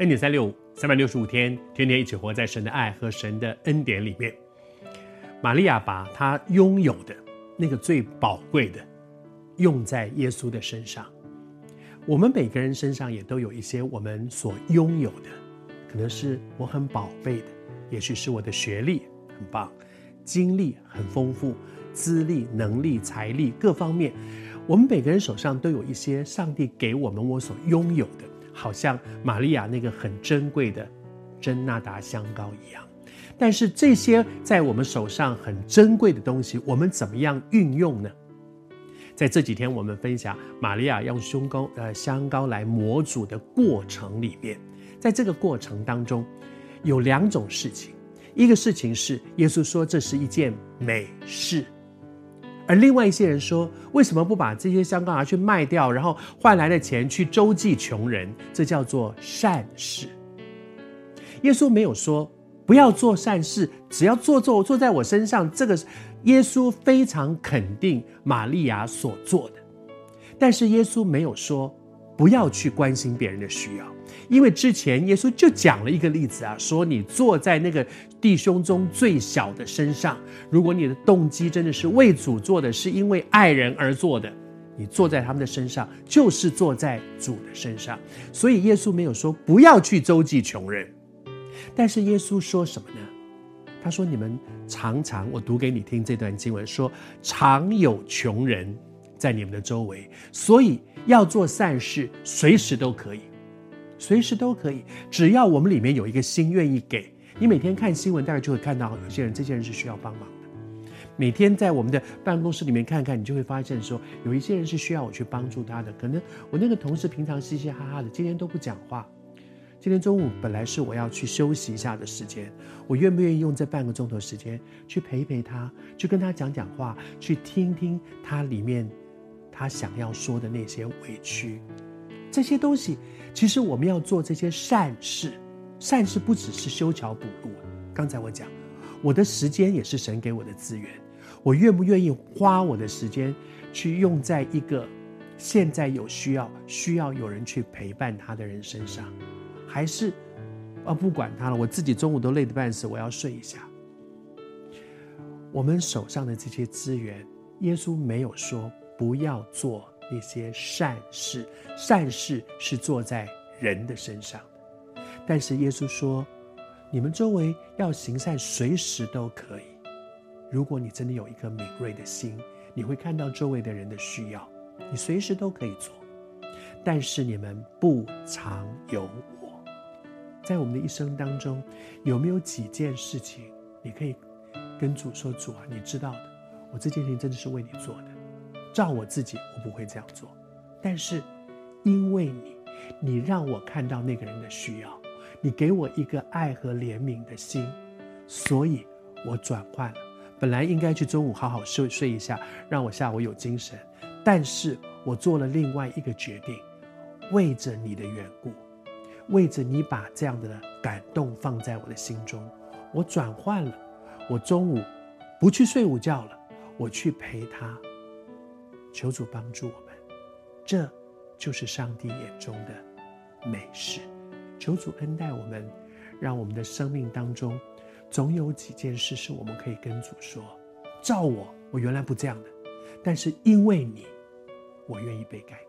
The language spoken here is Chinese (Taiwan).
恩典三六五，三百六十五天，天天一起活在神的愛和神的恩典裡面。瑪利亞把她擁有的那個最寶貴的，用在耶穌的身上。我們每個人身上也都有一些我們所擁有的，可能是我很寶貝的，也許是我的學歷很棒，經歷很豐富，資歷、能力、財力各方面，我們每個人手上都有一些上帝給我們我所擁有的。好像瑪利亞那個很珍貴的真哪噠香膏一樣，但是這些在我們手上很珍貴的東西，我們怎麼樣運用呢？在這幾天我們分享瑪利亞用胸膏呃香膏來抹主的過程裡面，在這個過程當中，有兩種事情，一個事情是耶穌說這是一件美事。而另外一些人說：“為什麼不把這些香膏拿、啊、去賣掉，然後換來的錢去周濟窮人？這叫做善事。”耶穌沒有說不要做善事，只要做做做在我身上。這個耶穌非常肯定瑪利亞所做的，但是耶穌沒有說不要去關心別人的需要。因為之前耶穌就講了一個例子啊，說你做在那個弟兄中最小的身上，如果你的動機真的是為主做的，是因為愛人而做的，你做在他們的身上，就是做在主的身上。所以耶穌沒有說不要去周濟窮人，但是耶穌說什麼呢？他說你們常常，我讀給你聽這段經文，說常有窮人，在你們的周圍，所以要做善事，隨時都可以。隨時都可以，只要我們裡面有一個心願意給。你每天看新聞，大概就會看到有些人，這些人是需要幫忙的。每天在我們的辦公室裡面看看，你就會發現說，有一些人是需要我去幫助他的。可能我那個同事平常嘻嘻哈哈的，今天都不講話。今天中午本來是我要去休息一下的時間，我願不願意用這半個鐘頭時間去陪陪他，去跟他講講話，去聽聽他裡面他想要說的那些委屈。這些東西，其實我們要做這些善事，善事不只是修橋補路。剛才我講，我的時間也是神給我的資源，我願不願意花我的時間去用在一個現在有需要、需要有人去陪伴他的人身上，還是啊，不管他了，我自己中午都累得半死，我要睡一下。我們手上的這些資源，耶穌沒有說不要做。那些善事，善事是做在人的身上的。但是耶穌說：“你們周圍要行善，隨時都可以。如果你真的有一顆敏銳的心，你會看到周圍的人的需要，你隨時都可以做。但是你們不常有我。在我們的一生當中，有沒有幾件事情，你可以跟主說：‘主啊，你知道的，我這件事情真的是為你做的。’”照我自己，我不會這樣做，但是因為你，你讓我看到那個人的需要，你給我一個愛和憐憫的心，所以，我轉換了。本來應該去中午好好睡，睡一下，讓我下午有精神，但是我做了另外一個決定，為着你的緣故，為着你把這樣的感動放在我的心中，我轉換了。我中午不去睡午覺了，我去陪他。求主幫助我們，這就是上帝眼中的美事。求主恩待我們，讓我們的生命當中總有幾件事是我們可以跟主說：“照我，我原來不這樣的，但是因為你，我願意被改。”